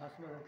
Basmadım.